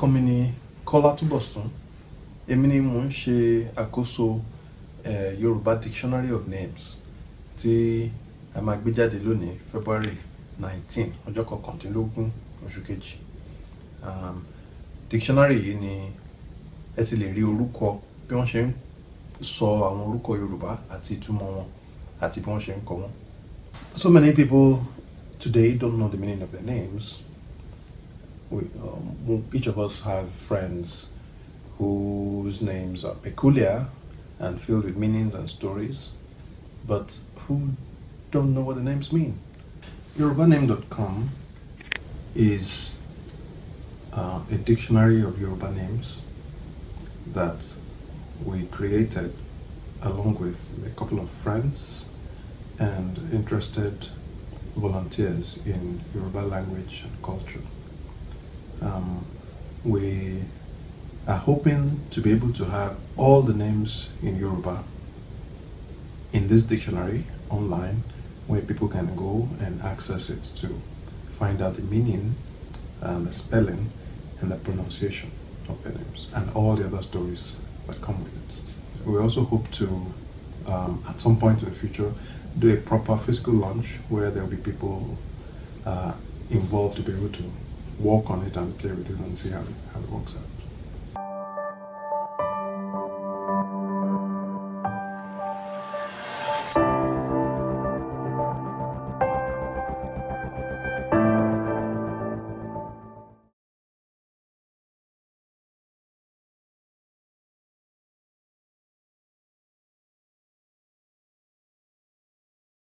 kọ́mi ni kọ́lá túbọ̀sún èmi ni mò ń ṣe àkóso yorùbá dictionary of names tí a máa gbé jáde lónìí february nineteen ọjọ́ kọkàndínlógún oṣù kejì dictionary yìí ni ẹ ti lè rí orúkọ bí wọ́n ṣe ń sọ àwọn orúkọ yorùbá àti ìtumọ̀ wọn àti bí wọ́n ṣe ń kọ wọn. So many people today don't know the meaning of their names. We, um, each of us have friends whose names are peculiar and filled with meanings and stories, but who don't know what the names mean. YorubaName.com is uh, a dictionary of Yoruba names that we created along with a couple of friends and interested volunteers in Yoruba language and culture. Um, we are hoping to be able to have all the names in Yoruba in this dictionary online where people can go and access it to find out the meaning, um, the spelling, and the pronunciation of the names and all the other stories that come with it. We also hope to um, at some point in the future, do a proper physical launch where there'll be people uh, involved to be able to work on it and play with it and see how it, how it works out.